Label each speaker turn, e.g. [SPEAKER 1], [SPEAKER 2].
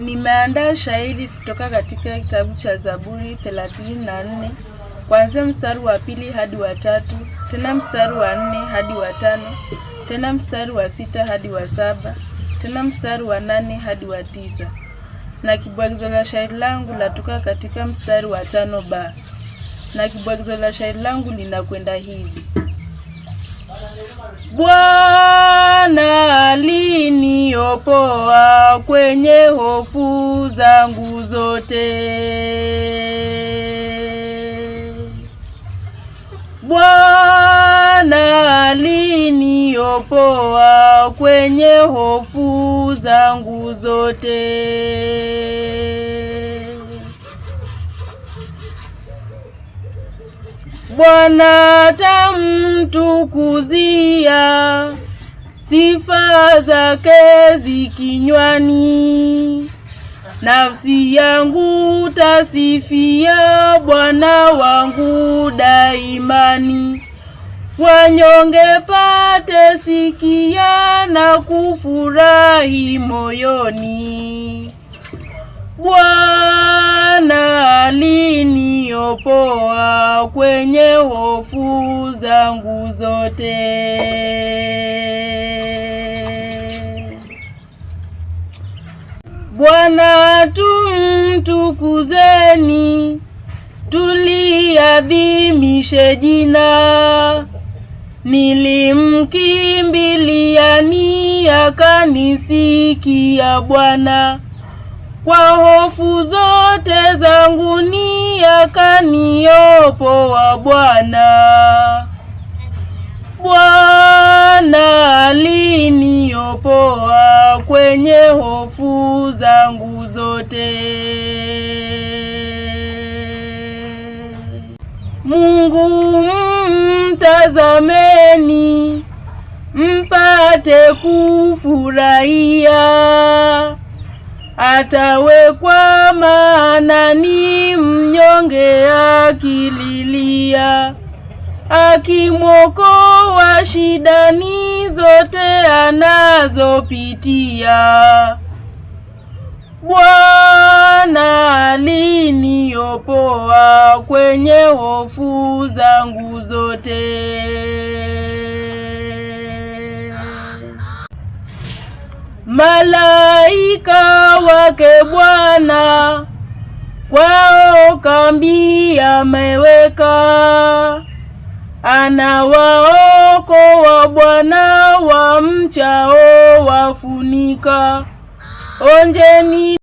[SPEAKER 1] Nimeandaa shairi kutoka katika kitabu cha Zaburi thelathini na nne kuanzia mstari wa pili hadi wa tatu tena mstari wa nne hadi wa tano tena mstari wa sita hadi wa saba tena mstari wa nane hadi wa tisa na kibwagizo la shairi langu latoka katika mstari wa tano ba na kibwagizo la shairi langu linakwenda hivi: Bwana aliniokoa kwenye hofu zangu zote. Bwana aliniokoa kwenye hofu zangu zote. Bwana tamtukuzia, sifa zake zikinywani. Nafsi yangu tasifia, Bwana wangu daimani. Wanyonge pate sikia, na kufurahi moyoni. Bwana aliniopoa kwenye hofu zangu zote. Bwana tumtukuzeni, tuliadhimishe jina. Nilimkimbiliani, akanisikia Bwana, kwa hofu zote zangu ni Niyopo wa Bwana, Bwana aliniopoa kwenye hofu zangu zote. Mungu mtazameni, mpate kufurahia atawekwa, maana ni mnyonge akililia, akimwokoa shidani zote anazopitia. Bwana aliniopoa kwenye hofu malaika wake Bwana kwao kambi ameweka, anawaokoa Bwana mchao wafunika. Onjeni